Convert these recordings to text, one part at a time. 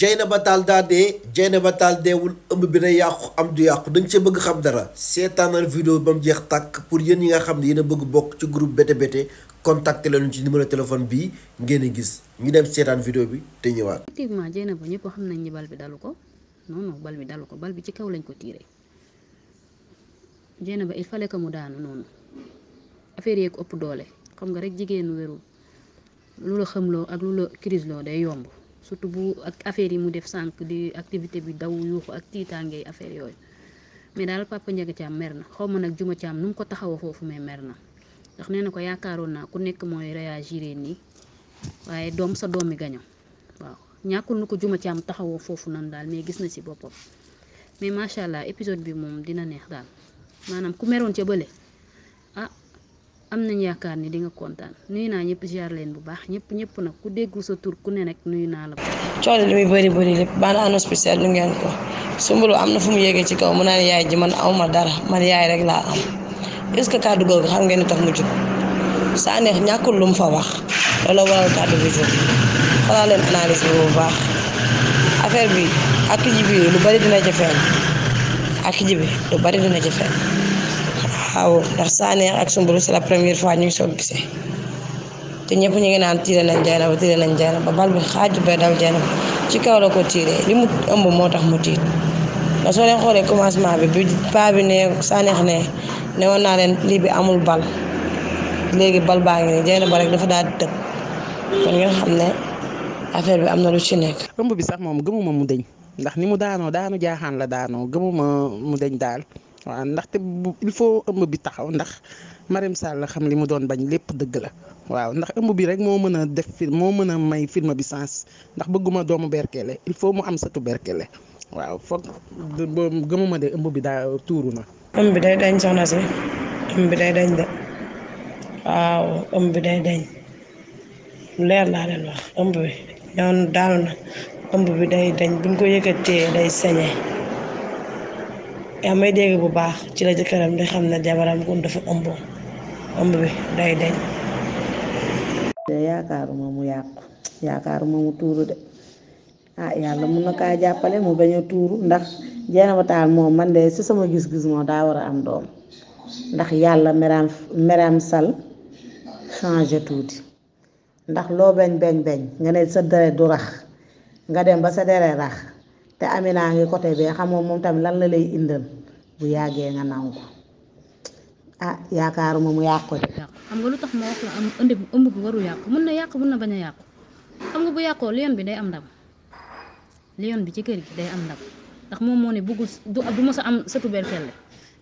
Dieynaba taal daa dee Dieynaba taal deewul ëmb bi na yàqu am du yàqu da nga cee bëgg xam dara seetaanal vidéo ba mu jeex tàkk pour yéen yi nga xam ne yéen bëgg bokk ci groupe Bété Bété contacté leen ci numéro téléphone bii ngeen gis ñu dem seetaan vidéo bi te ñëwaat. effectivement Dieynaba ñëpp xam nañ ni bal bi dalu ko non bal bi dalu ko bal bi ci kaw lañ ko tiiree Dieynaba il fallait que mu daanu noonu yee yeeg ëpp doole xam nga rek jigéenu wérul lu la xamloo day yomb. surtout bu ak affaire yi mu def sànq di activité bi daw yuuxu ak tiitaangey affaire yooyu mais daal papa Ndiaga Thiam mer na xaw ma nag juma Thiam nu mu ko taxaw foofu mais mer na ndax nee na ko yaakaaroon naa ku nekk mooy réagir nii waaye doom sa doom mi gaño waaw ñàkkul nu ko juma Thiam taxawoo foofu nan daal mais gis na ci boppam mais macha allah épisode bi moom dina neex daal maanaam ku meroon ca bële am nañ yaakaar ni di nga kontaan nuyu naa ñëpp ziar leen bu baax ñëpp ñëpp nag ku déggul sa tur ku ne rek nuyu naa la. coono li muy bëri bëri lépp maanaam annonce spéciale lu ngeen ko Soumboulou am na fu mu yéegee ci kaw mu naan yaay ji man awma dara man yaay rek laa am est ce que xam ngeen tax mu jóg saa lu mu fa wax loolu bi leen analyse bi bu baax affaire bi ak ji bi lu bari dina ci feeñ ak ji lu bari dina ci feeñ waaw ndax sànneex ak sumbu c'est la première fois ñu ngi soog gisee te ñëpp ñu ngi naan tiire nañ Dieynaba tiire nañ Dieynaba bal bi xaaju ba daw Dieynaba ci kaw ko tiire li mu ëmb moo tax mu tiit soo xoolee commencement bi bi paa bi ne Sanex ne ne woon naa leen lii bi amul bal léegi bal baa ngi nii Dieynaba rek dafa daal dëkk kon ngeen xam ne affaire bi am na lu ci nekk. ëmb bi sax moom gëmuma mu dëñ ndax ni mu daanoo daanu jaaxaan la daanoo gëmuma mu dëñ daal. waaw ndax bu il faut ëmb bi taxaw ndax Marème la xam li mu doon bañ lépp dëgg la waaw ndax ëmb bi rek moo mën a def film moo mën a may film bi sens ndax bëgguma doomu berkele il faut mu am sëtu berkele waaw foog gëmuma de ëmb bi daa tuuru na. ëmb bi day dañ soxna ëmb bi day dañ de waaw ëmb bi day day dañ ko yëkkatee yaa may dégg bu baax ci la jëkkëram di xam ne jabaram kon dafa ëmb ëmb bi day dañ de yaakaaruma mu yàqu yaakaaruma mu tuuru de ah yàlla mun na kaa jàppale mu bañ a tuuru ndax Dieynaba Tall moom man de si sama gis-gis moom daa war a am doom ndax yàlla meram meram sal changé tuuti ndax loo beñ beñ beñ nga ne sa deret du rax nga dem ba sa deret rax te Amina ngi côté bee xamoo moom tamit lan la lay indal bu yàggee nga nangu ah yaakaaruma mu yàq ko de. xam nga lu tax ma wax la am ënd ëmb bi waru yàq mun na yàq mun na bañ a yàqu xam nga bu yàqoo lion bi day am ndam lion bi ci kër gi day am ndam ndax moom moo ne bëggul du du mës a am sëtu berkelle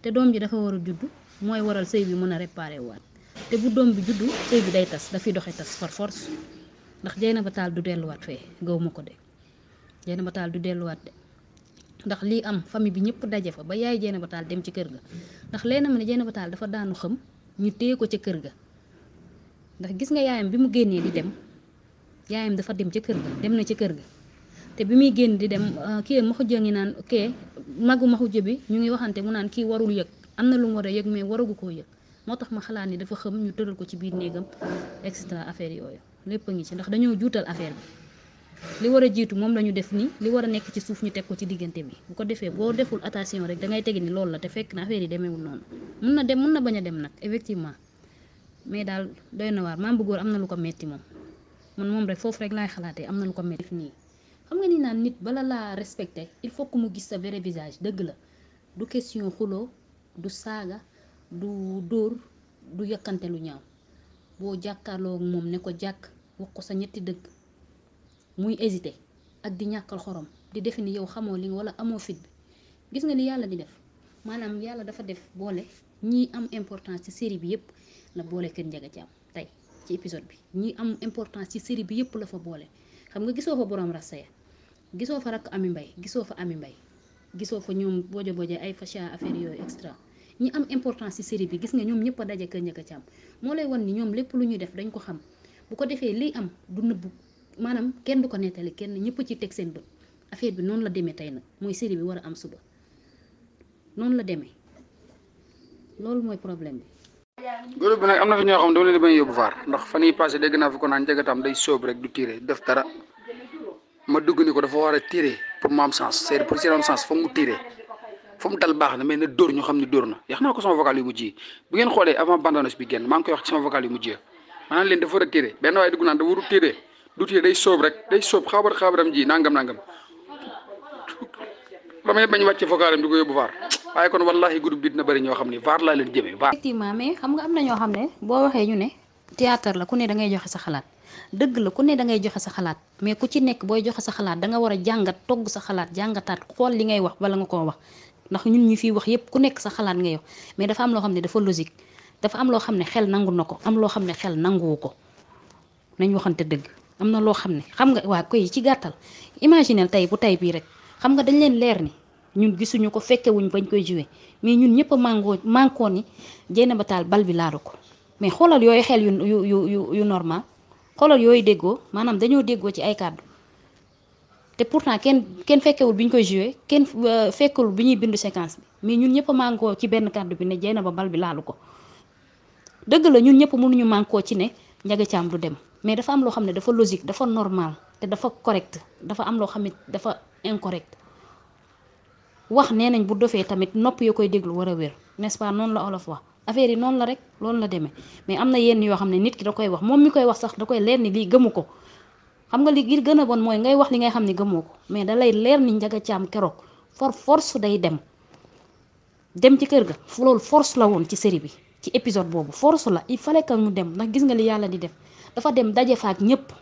te doom ji dafa war a judd mooy waral sëy bi mën a réparé waat te bu doom bi juddu sëy bi day tas dafiy doxe tas par force ndax jay na ba taal du delluwaat fee gaw ko de. Dieynaba Tall du delluwaat de ndax lii am famille bi ñëpp daje fa ba yaay Dieynaba Tall dem ci kër ga ndax leen ma ne Dieynaba taal dafa daanu xam ñu téye ko ca kër ga ndax gis nga yaayam bi mu génnee di dem yaayam dafa dem ca kër ga dem na ca kër ga te bi muy génn di dem euh, kii ma xujja ngi naan kee magu ma xujja bi ñu ngi waxante mu naan kii warul yëg am na lu mu war a yëg mais waragu koo yëg moo tax ma xalaat ni dafa xëm ñu tëral ko ci biir néegam et cetera affaire yooyu lépp a ngi ci ndax dañoo juutal affaire bi li war a jiitu moom la ñu def nii li war a nekk ci suuf ñu teg ko ci diggante bi bu ko defee boo deful attention rek da ngay tegi ni loolu la te fekk na affaire yi demeewul noonu mun na dem mun na bañ a dem nag effectivement mais daal doy na waar maam bu am na lu ko metti moom man moom rek foofu rek laay xalaatee am na lu ko metti nii xam nga ni naan nit bala laa respecté il faut que mu gis sa vrai visage dëgg la du question xuloo du saaga du dóor du yëkkante lu ñaaw boo jàkkaarloo moom ne ko jàkk wax ko sa ñetti dëgg muy hésité ak di ñàkkal xorom di defe ni yow xamoo li wala amoo fit bi gis nga ni yàlla di def maanaam yàlla dafa def boole ñii am importance ci série bi yëpp la boole Kër Njaga Caam tey ci épisode bi ñii am importance ci série bi yëpp la fa boole xam nga gisoo fa borom rasta gisoo fa rakk ami mbay gisoo fa ami mbay gisoo fa ñoom bojo bojo ay facha affaire yooyu extra ñi am importance ci série bi gis nga ñoom ñëpp a daje Kër Njaga Caam moo lay wan ni ñoom lépp lu ñuy def dañ ko xam bu ko defee liy am du nëbbu maanaam kenn du ko nettali kenn ñëpp ci teg seen bët affaire bi noonu la demee tey nag mooy série bi war a am suba noonu la demee loolu mooy problème bi. groupe bi nag am ndax fan yii passé dégg naa fi ko naan njëgataam day sóob rek du tiré def dara a tiré pour mu am sens c'est pour si am sens foog mu tiré foog mu dal baax na mais na dóor ñu xam ne dóor na yàq naa ko sama vocal yu mujj yi bu ngeen xoolee avant bande annonce bi génn leen dafa war a tiré benn waaye dugg naan dafa war a tiré du tee day soob rek day soob xaabar xaabaram ji nangam nangam damay bañ wàcce fokaaram di ko yóbbu vaar waaye kon wallahi groupe bi dina bëri ñoo xam ne vaar laa leen jëmee vaar. effectivement mais xam am na ñoo xam ne boo waxee ñu ne théâtre la ku ne dangay joxe sa xalaat dëgg la ku ne da ngay joxe sa xalaat mais ku ci nekk booy joxe sa xalaat danga war a jàngat togg sa xalaat jàngataat xool li ngay wax bala nga koo wax ndax ñun ñu fiy wax yépp ku nekk sa xalaat ngay wax mais dafa am loo xam ne dafa logique dafa am loo xam ne xel nangu na ko am loo xam ne xel nanguwu ko nañ waxante dëgg am na loo xam ne xam nga waa koy ci gàttal imaginel tey bu tey bii rek xam nga dañ leen leer ni ñun gisuñu ko fekkewuñ bañ koy jiwee mais ñun ñëpp mangoo mànkoo ni jénn ba taal bal bi laalu ko mais xoolal yooyu xel yu yu yu yu normal xoolal yooyu déggoo maanaam dañoo déggoo ci ay kàddu te pourtant kenn kenn fekkewul bi koy joué kenn euh, fekkewul bi ñuy bindu séquence mais ñun ñëpp a ci benn kàddu bi ne jénn ba bal bi laalu ko dëgg la ñun ñëpp mënuñu mànkoo ci ne Ndiaga Thiam du dem mais dafa am loo xam ne dafa logique dafa normal te dafa correct dafa am loo xam ne dafa incorrect wax nee nañ bu dofee tamit nopp yoo koy déglu war a wér n'est-ce pas noonu la olof wax affaire yi noon la rek loolu la demee mais am na yenn yoo xam ne nit ki da koy wax moom mi koy wax sax da koy leer ni lii gëmu ko xam nga li gi gën a bon mooy ngay wax li ngay xam ne gëmoo ko mais dalay leer ni njaga caam keroog for force day dem dem ci kër ga loolu force la woon ci série bi ci épisode boobu force la il fallait dem ndax gis nga li yàlla di def dafa dem daje fa ak